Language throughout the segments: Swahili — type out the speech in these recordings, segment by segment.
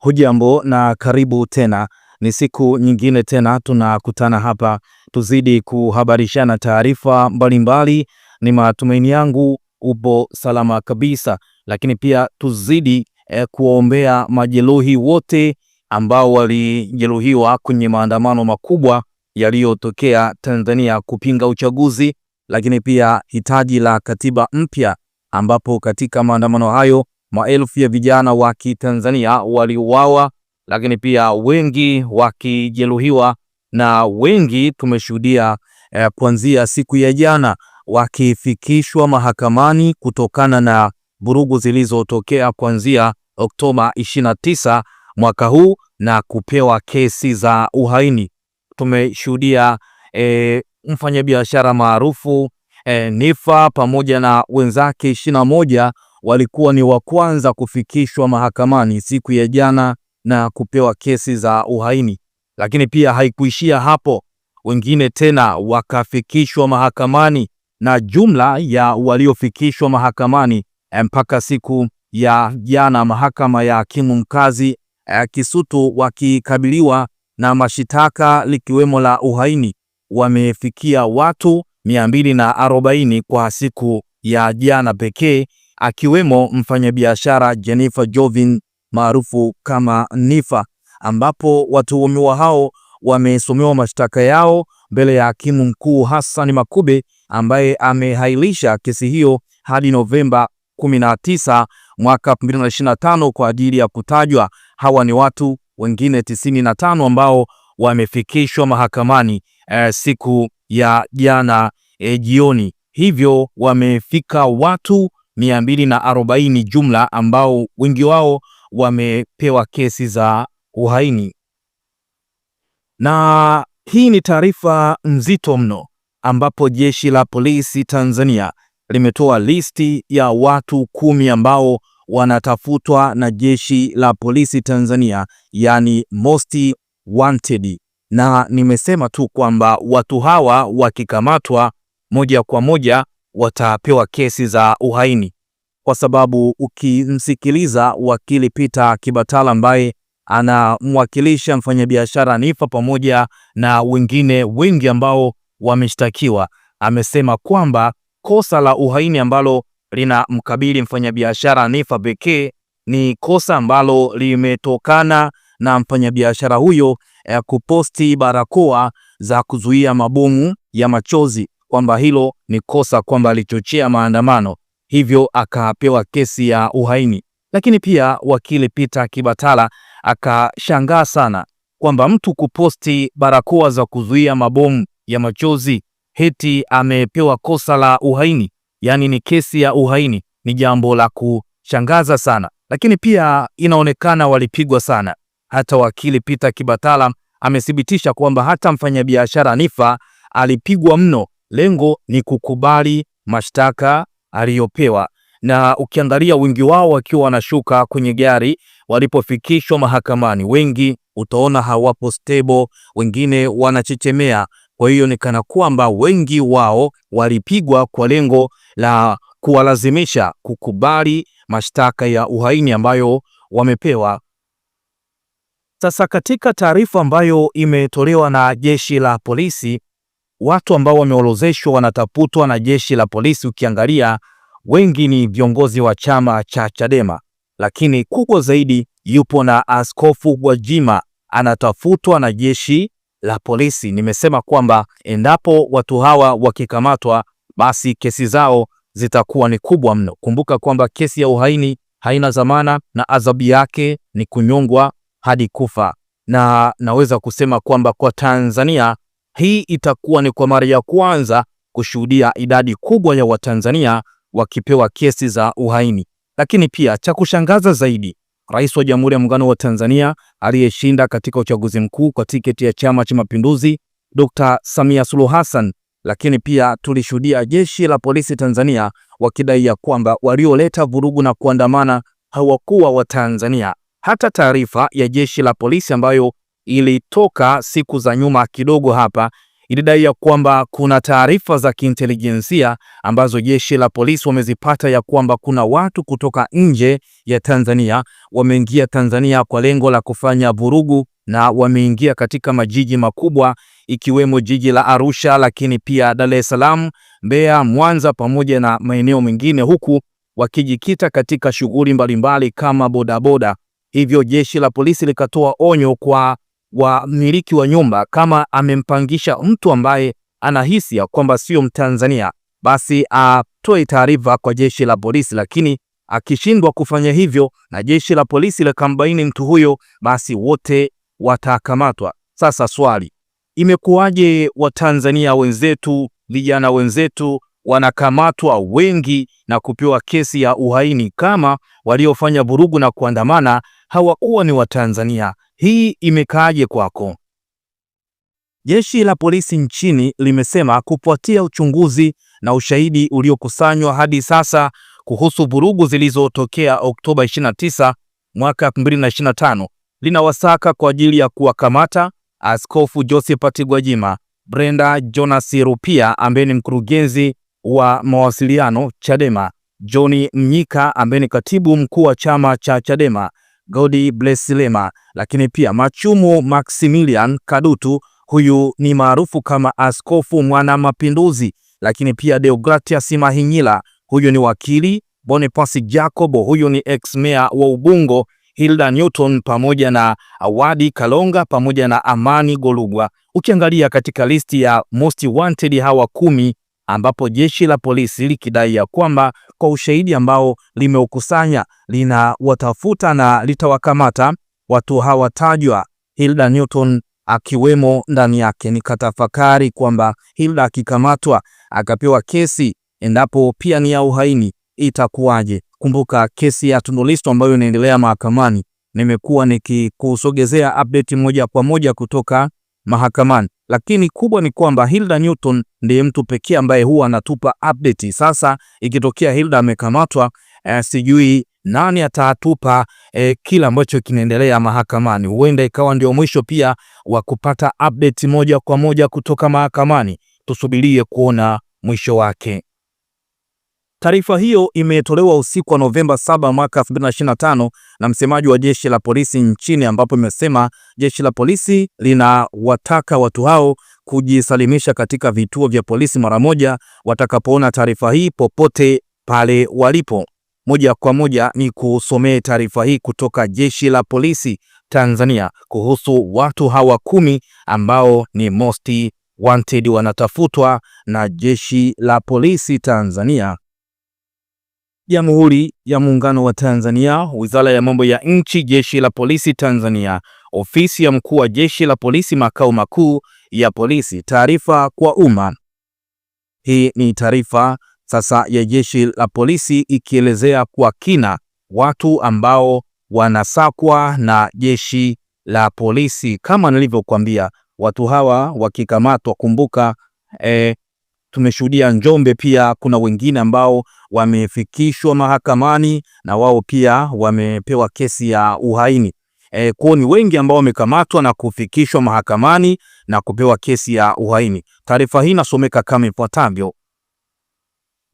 Hujambo na karibu tena, ni siku nyingine tena tunakutana hapa tuzidi kuhabarishana taarifa mbalimbali. Ni matumaini yangu upo salama kabisa, lakini pia tuzidi eh, kuwaombea majeruhi wote ambao walijeruhiwa kwenye maandamano makubwa yaliyotokea Tanzania kupinga uchaguzi, lakini pia hitaji la katiba mpya, ambapo katika maandamano hayo maelfu ya vijana wa Kitanzania waliuawa, lakini pia wengi wakijeruhiwa na wengi tumeshuhudia eh, kuanzia siku ya jana wakifikishwa mahakamani kutokana na vurugu zilizotokea kuanzia Oktoba 29 mwaka huu na kupewa kesi za uhaini. Tumeshuhudia eh, mfanyabiashara maarufu eh, Nifa pamoja na wenzake ishirini moja walikuwa ni wa kwanza kufikishwa mahakamani siku ya jana na kupewa kesi za uhaini. Lakini pia haikuishia hapo, wengine tena wakafikishwa mahakamani na jumla ya waliofikishwa mahakamani mpaka siku ya jana, mahakama ya hakimu mkazi eh, Kisutu wakikabiliwa na mashitaka likiwemo la uhaini wamefikia watu 240 kwa siku ya jana pekee, akiwemo mfanyabiashara Jennifer Jovin maarufu kama Nifa, ambapo watuhumiwa hao wamesomewa mashtaka yao mbele ya hakimu mkuu Hassan Makube ambaye amehailisha kesi hiyo hadi Novemba 19 mwaka 2025 kwa ajili ya kutajwa. Hawa ni watu wengine 95 ambao wamefikishwa mahakamani e, siku ya jana e, jioni. Hivyo wamefika watu 240 jumla ambao wengi wao wamepewa kesi za uhaini. Na hii ni taarifa nzito mno, ambapo jeshi la polisi Tanzania limetoa listi ya watu kumi ambao wanatafutwa na jeshi la polisi Tanzania, yani most wanted, na nimesema tu kwamba watu hawa wakikamatwa moja kwa moja watapewa kesi za uhaini, kwa sababu ukimsikiliza wakili Peter Kibatala ambaye anamwakilisha mfanyabiashara Nifa pamoja na wengine wengi ambao wameshtakiwa, amesema kwamba kosa la uhaini ambalo linamkabili mfanyabiashara Nifa pekee ni kosa ambalo limetokana na mfanyabiashara huyo ya eh, kuposti barakoa za kuzuia mabomu ya machozi kwamba hilo ni kosa, kwamba alichochea maandamano, hivyo akapewa kesi ya uhaini. Lakini pia wakili Peter Kibatala akashangaa sana kwamba mtu kuposti barakoa za kuzuia mabomu ya machozi heti amepewa kosa la uhaini, yaani ni kesi ya uhaini. Ni jambo la kushangaza sana, lakini pia inaonekana walipigwa sana. Hata wakili Peter Kibatala amethibitisha kwamba hata mfanyabiashara Nifa alipigwa mno lengo ni kukubali mashtaka aliyopewa. Na ukiangalia wengi wao wakiwa wanashuka kwenye gari walipofikishwa mahakamani, wengi utaona hawapo stable, wengine wanachechemea. Kwa hiyo ni kana kwamba wengi wao walipigwa kwa lengo la kuwalazimisha kukubali mashtaka ya uhaini ambayo wamepewa. Sasa katika taarifa ambayo imetolewa na jeshi la polisi watu ambao wameorozeshwa wanatafutwa na jeshi la polisi. Ukiangalia wengi ni viongozi wa chama cha Chadema, lakini kubwa zaidi yupo na Askofu Gwajima anatafutwa na jeshi la polisi. Nimesema kwamba endapo watu hawa wakikamatwa, basi kesi zao zitakuwa ni kubwa mno. Kumbuka kwamba kesi ya uhaini haina dhamana na adhabu yake ni kunyongwa hadi kufa, na naweza kusema kwamba kwa Tanzania hii itakuwa ni kwa mara ya kwanza kushuhudia idadi kubwa ya Watanzania wakipewa kesi za uhaini. Lakini pia cha kushangaza zaidi, Rais wa Jamhuri ya Muungano wa Tanzania aliyeshinda katika uchaguzi mkuu kwa tiketi ya Chama cha Mapinduzi, Dr. Samia Suluhu Hassan. Lakini pia tulishuhudia jeshi la polisi Tanzania wakidai ya kwamba walioleta vurugu na kuandamana hawakuwa Watanzania. Hata taarifa ya jeshi la polisi ambayo ilitoka siku za nyuma kidogo hapa, ilidai ya kwamba kuna taarifa za kiintelijensia ambazo jeshi la polisi wamezipata ya kwamba kuna watu kutoka nje ya Tanzania wameingia Tanzania kwa lengo la kufanya vurugu na wameingia katika majiji makubwa ikiwemo jiji la Arusha, lakini pia Dar es Salaam, Mbeya, Mwanza pamoja na maeneo mengine, huku wakijikita katika shughuli mbalimbali kama bodaboda. Hivyo jeshi la polisi likatoa onyo kwa wa mmiliki wa nyumba kama amempangisha mtu ambaye anahisi ya kwamba sio Mtanzania, basi atoe taarifa kwa jeshi la polisi, lakini akishindwa kufanya hivyo na jeshi la polisi likambaini mtu huyo, basi wote watakamatwa. Sasa swali, imekuwaje Watanzania wenzetu, vijana wenzetu wanakamatwa wengi na kupewa kesi ya uhaini kama waliofanya vurugu na kuandamana hawakuwa ni Watanzania. Hii imekaaje kwako? Jeshi la polisi nchini limesema kufuatia uchunguzi na ushahidi uliokusanywa hadi sasa kuhusu vurugu zilizotokea Oktoba 29 mwaka 2025 linawasaka kwa ajili ya kuwakamata Askofu Josephat Gwajima, Brenda Jonas Rupia ambaye ni mkurugenzi wa mawasiliano Chadema John Mnyika ambaye ni katibu mkuu wa chama cha Chadema Godi Blesilema, lakini pia Machumu Maximilian Kadutu, huyu ni maarufu kama Askofu Mwana Mapinduzi, lakini pia Deogratias Mahinyila, huyu ni wakili Boniface Jacobo, huyu ni ex mayor wa Ubungo, Hilda Newton pamoja na Awadi Kalonga pamoja na Amani Golugwa. Ukiangalia katika listi ya most wanted hawa kumi ambapo jeshi la polisi likidai ya kwamba kwa ushahidi ambao limeukusanya linawatafuta na litawakamata watu hawatajwa, Hilda Newton akiwemo ndani yake. Nikatafakari kwamba Hilda akikamatwa akapewa kesi, endapo pia ni ya uhaini itakuwaje? Kumbuka kesi ya Tundu Lissu ambayo inaendelea mahakamani. Nimekuwa nikikusogezea update moja kwa moja kutoka mahakamani. Lakini kubwa ni kwamba Hilda Newton ndiye mtu pekee ambaye huwa anatupa update. Sasa ikitokea Hilda amekamatwa, eh, sijui nani atatupa eh, kila ambacho kinaendelea mahakamani. Huenda ikawa ndio mwisho pia wa kupata update moja kwa moja kutoka mahakamani. Tusubirie kuona mwisho wake. Taarifa hiyo imetolewa usiku wa Novemba 7 mwaka 2025 na msemaji wa jeshi la polisi nchini, ambapo imesema jeshi la polisi linawataka watu hao kujisalimisha katika vituo vya polisi mara moja watakapoona taarifa hii popote pale walipo. Moja kwa moja ni kusomee taarifa hii kutoka jeshi la polisi Tanzania kuhusu watu hawa kumi ambao ni most wanted, wanatafutwa na jeshi la polisi Tanzania Jamhuri ya Muungano wa Tanzania, Wizara ya Mambo ya Nchi, Jeshi la Polisi Tanzania, Ofisi ya Mkuu wa Jeshi la Polisi, Makao Makuu ya Polisi. Taarifa kwa umma. Hii ni taarifa sasa ya Jeshi la Polisi ikielezea kwa kina watu ambao wanasakwa na Jeshi la Polisi. Kama nilivyokuambia, watu hawa wakikamatwa, kumbuka eh, tumeshuhudia Njombe pia kuna wengine ambao wamefikishwa mahakamani na wao pia wamepewa kesi ya uhaini. E, kwao ni wengi ambao wamekamatwa na kufikishwa mahakamani na kupewa kesi ya uhaini. Taarifa hii inasomeka kama ifuatavyo: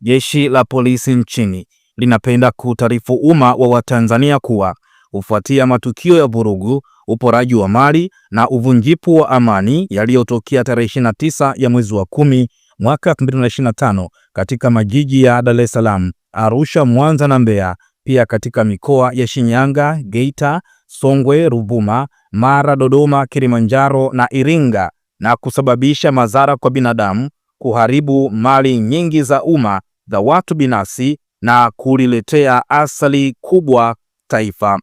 Jeshi la polisi nchini linapenda kuutaarifu umma wa Watanzania kuwa kufuatia matukio ya vurugu, uporaji wa mali na uvunjifu wa amani yaliyotokea tarehe 29 ya mwezi wa kumi mwaka 2025 katika majiji ya Dar es Salaam, Arusha, Mwanza na Mbeya, pia katika mikoa ya Shinyanga, Geita, Songwe, Ruvuma, Mara, Dodoma, Kilimanjaro na Iringa na kusababisha madhara kwa binadamu, kuharibu mali nyingi za umma za watu binafsi na kuliletea athari kubwa taifa.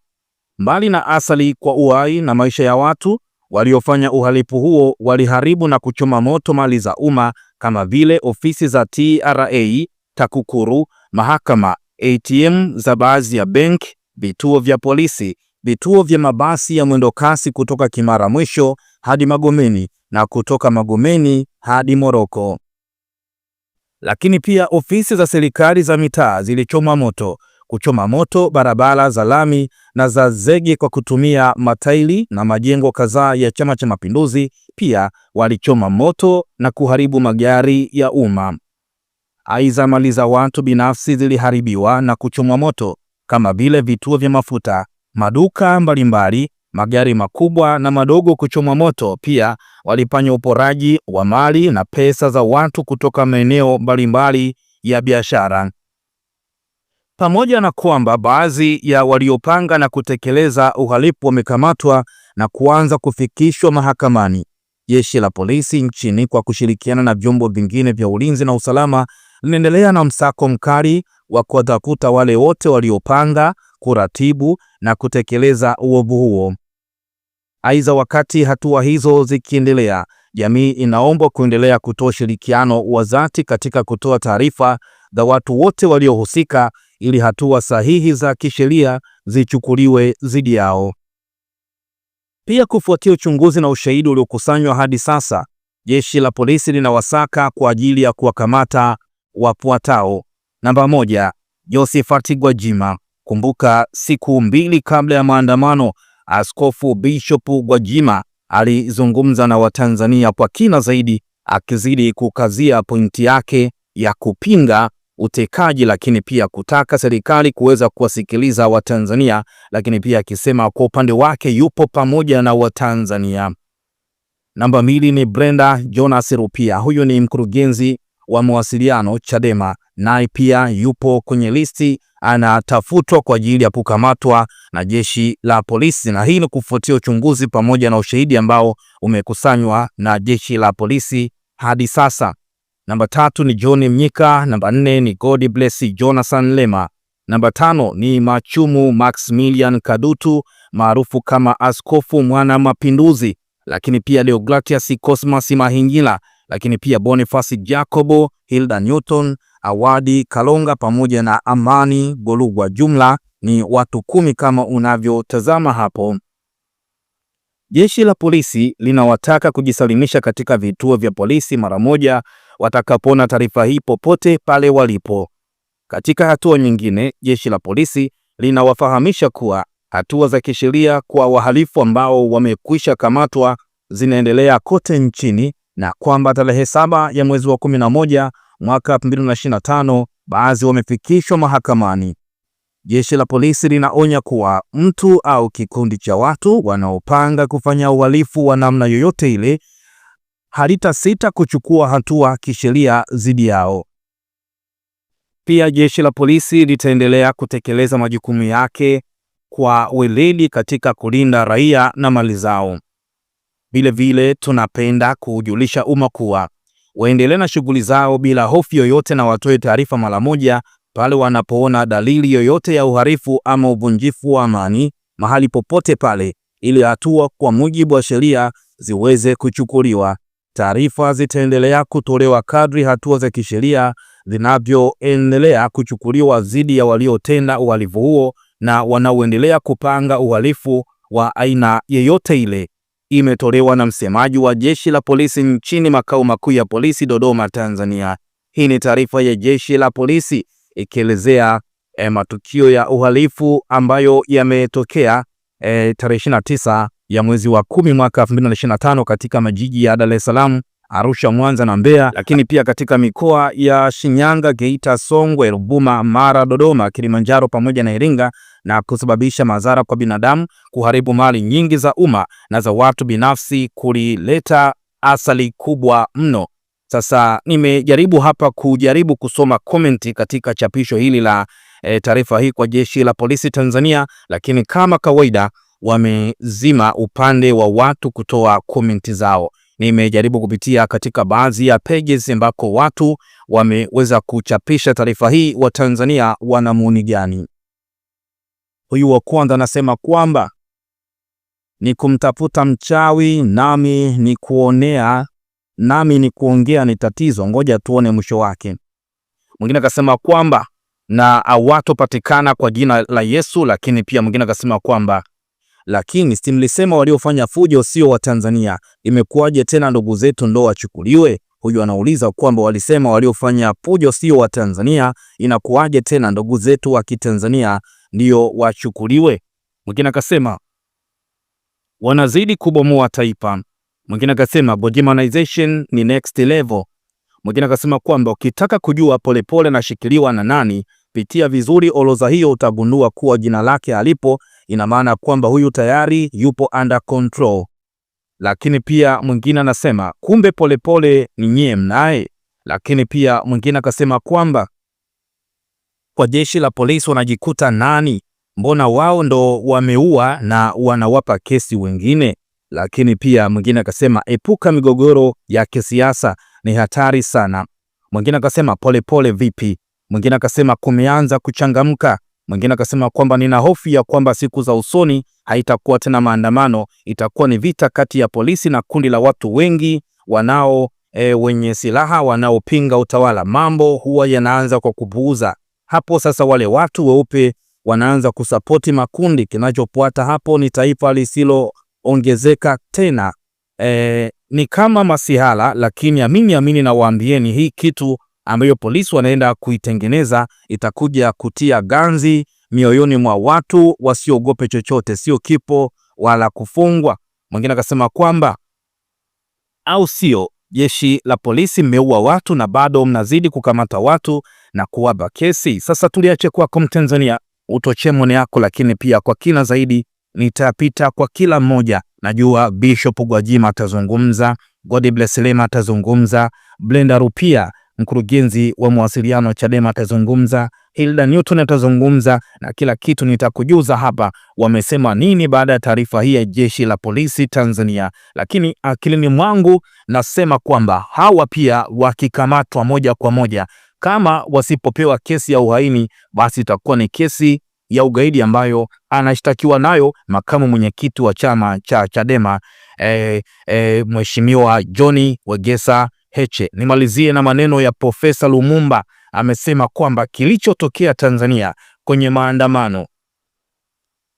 Mbali na athari kwa uhai na maisha ya watu, Waliofanya uhalifu huo waliharibu na kuchoma moto mali za umma kama vile ofisi za TRA, TAKUKURU, mahakama, ATM za baadhi ya benki, vituo vya polisi, vituo vya mabasi ya mwendokasi kutoka Kimara Mwisho hadi Magomeni na kutoka Magomeni hadi Moroko. Lakini pia ofisi za serikali za mitaa zilichoma moto kuchoma moto barabara za lami na za zege kwa kutumia mataili na majengo kadhaa ya Chama cha Mapinduzi. Pia walichoma moto na kuharibu magari ya umma. Aidha, mali za watu binafsi ziliharibiwa na kuchomwa moto kama vile vituo vya mafuta, maduka mbalimbali, magari makubwa na madogo kuchomwa moto. Pia walifanya uporaji wa mali na pesa za watu kutoka maeneo mbalimbali ya biashara. Pamoja na kwamba baadhi ya waliopanga na kutekeleza uhalifu wamekamatwa na kuanza kufikishwa mahakamani, jeshi la polisi nchini kwa kushirikiana na vyombo vingine vya ulinzi na usalama linaendelea na msako mkali wa kuwatafuta wale wote waliopanga, kuratibu na kutekeleza uovu huo. Aidha, wakati hatua hizo zikiendelea, jamii inaombwa kuendelea kutoa ushirikiano wa dhati katika kutoa taarifa za watu wote waliohusika ili hatua sahihi za kisheria zichukuliwe dhidi yao. Pia, kufuatia uchunguzi na ushahidi uliokusanywa hadi sasa, jeshi la polisi linawasaka kwa ajili ya kuwakamata wafuatao. Namba moja, Josephat Gwajima. Kumbuka, siku mbili kabla ya maandamano, Askofu Bishop Gwajima alizungumza na Watanzania kwa kina zaidi, akizidi kukazia pointi yake ya kupinga utekaji, lakini pia kutaka serikali kuweza kuwasikiliza Watanzania, lakini pia akisema kwa upande wake yupo pamoja na Watanzania. Namba mbili ni Brenda Jonas Rupia, huyu ni mkurugenzi wa mawasiliano Chadema, naye pia yupo kwenye listi, anatafutwa kwa ajili ya kukamatwa na jeshi la polisi, na hii ni kufuatia uchunguzi pamoja na ushahidi ambao umekusanywa na jeshi la polisi hadi sasa namba tatu ni John Mnyika, namba nne ni God Bless Jonathan Lema, namba tano ni Machumu Maximilian Kadutu maarufu kama Askofu Mwana Mapinduzi, lakini pia Deogratias Cosmas Mahingila, lakini pia Boniface Jacobo, Hilda Newton, Awadi Kalonga pamoja na Amani Golugwa. Jumla ni watu kumi kama unavyotazama hapo. Jeshi la polisi linawataka kujisalimisha katika vituo vya polisi mara moja watakapona taarifa hii popote pale walipo. Katika hatua nyingine, jeshi la polisi linawafahamisha kuwa hatua za kisheria kwa wahalifu ambao wamekwisha kamatwa zinaendelea kote nchini na kwamba tarehe saba ya mwezi wa 11 mwaka 2025 baadhi wamefikishwa mahakamani. Jeshi la polisi linaonya kuwa mtu au kikundi cha watu wanaopanga kufanya uhalifu wa namna yoyote ile halitasita kuchukua hatua kisheria dhidi yao. Pia jeshi la polisi litaendelea kutekeleza majukumu yake kwa weledi katika kulinda raia na mali zao. Vilevile tunapenda kuujulisha umma kuwa waendelee na shughuli zao bila hofu yoyote na watoe taarifa mara moja pale wanapoona dalili yoyote ya uhalifu ama uvunjifu wa amani mahali popote pale, ili hatua kwa mujibu wa sheria ziweze kuchukuliwa. Taarifa zitaendelea kutolewa kadri hatua za kisheria zinavyoendelea kuchukuliwa dhidi ya waliotenda uhalifu huo na wanaoendelea kupanga uhalifu wa aina yeyote ile. Imetolewa na msemaji wa Jeshi la Polisi nchini, makao makuu ya polisi Dodoma, Tanzania. Hii ni taarifa ya Jeshi la Polisi ikielezea eh, matukio ya uhalifu ambayo yametokea e, tarehe 29 ya mwezi wa kumi mwaka 2025 katika majiji ya Dar es Salaam, Arusha, Mwanza na Mbeya, lakini pia katika mikoa ya Shinyanga, Geita, Songwe, Ruvuma, Mara, Dodoma, Kilimanjaro pamoja na Iringa na kusababisha madhara kwa binadamu, kuharibu mali nyingi za umma na za watu binafsi, kulileta athari kubwa mno. Sasa nimejaribu hapa kujaribu kusoma komenti katika chapisho hili la e, taarifa hii kwa Jeshi la Polisi Tanzania, lakini kama kawaida wamezima upande wa watu kutoa komenti zao. Nimejaribu kupitia katika baadhi ya pages ambako watu wameweza kuchapisha taarifa hii, Watanzania wana maoni gani? Huyu wa kwanza anasema kwamba ni kumtafuta mchawi, nami ni kuonea, nami ni kuongea ni tatizo, ngoja tuone mwisho wake. Mwingine akasema kwamba na patikana kwa jina la Yesu, lakini pia mwingine akasema kwamba lakini si mlisema waliofanya fujo sio Watanzania? Imekuwaje tena ndugu zetu ndo wachukuliwe? Huyu anauliza kwamba walisema waliofanya fujo sio Watanzania, inakuwaje tena ndugu zetu wa Kitanzania ndio wachukuliwe? Mwingine akasema wanazidi kubomoa taifa. Mwingine akasema Bojimanization ni next level. Mwingine akasema kwamba ukitaka kujua Polepole anashikiliwa na nani, pitia vizuri orodha hiyo, utagundua kuwa jina lake alipo ina maana kwamba huyu tayari yupo under control. Lakini pia mwingine anasema kumbe Polepole ni nyie mnaye. Lakini pia mwingine akasema kwamba kwa jeshi la polisi wanajikuta nani, mbona wao ndo wameua na wanawapa kesi wengine. Lakini pia mwingine akasema epuka migogoro ya kisiasa, ni hatari sana. Mwingine akasema Polepole vipi? Mwingine akasema kumeanza kuchangamka Mwingine akasema kwamba nina hofu ya kwamba siku za usoni haitakuwa tena maandamano, itakuwa ni vita kati ya polisi na kundi la watu wengi wanao e, wenye silaha wanaopinga utawala. Mambo huwa yanaanza kwa kupuuza hapo. Sasa wale watu weupe wanaanza kusapoti makundi, kinachofuata hapo ni taifa lisiloongezeka tena. E, ni kama masihala, lakini amini amini, nawaambieni hii kitu ambayo polisi wanaenda kuitengeneza itakuja kutia ganzi mioyoni mwa watu wasiogope chochote, sio kipo wala kufungwa. Mwingine akasema kwamba au sio, jeshi la polisi mmeua watu na bado mnazidi kukamata watu na kuwapa kesi. Sasa tuliache kwako Mtanzania, utoche maoni yako, lakini pia kwa kina zaidi nitapita kwa kila mmoja. Najua Bishop Gwajima atazungumza, God bless Lema atazungumza, Blenda Rupia mkurugenzi wa mawasiliano Chadema atazungumza, Hilda Newton atazungumza na kila kitu nitakujuza hapa wamesema nini baada ya taarifa hii ya jeshi la polisi Tanzania. Lakini akilini mwangu nasema kwamba hawa pia wakikamatwa moja kwa moja, kama wasipopewa kesi ya uhaini, basi itakuwa ni kesi ya ugaidi ambayo anashtakiwa nayo makamu mwenyekiti wa chama cha Chadema eh, eh, Mheshimiwa John Wegesa Heche. Nimalizie na maneno ya Profesa Lumumba, amesema kwamba kilichotokea Tanzania kwenye maandamano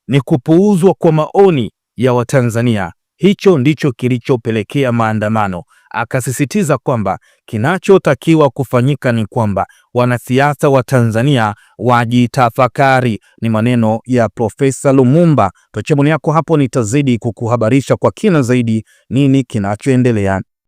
ni kupuuzwa kwa maoni ya Watanzania. Hicho ndicho kilichopelekea maandamano. Akasisitiza kwamba kinachotakiwa kufanyika ni kwamba wanasiasa wa Tanzania wajitafakari. Ni maneno ya Profesa Lumumba. Tochemoni yako hapo, nitazidi kukuhabarisha kwa kina zaidi nini kinachoendelea.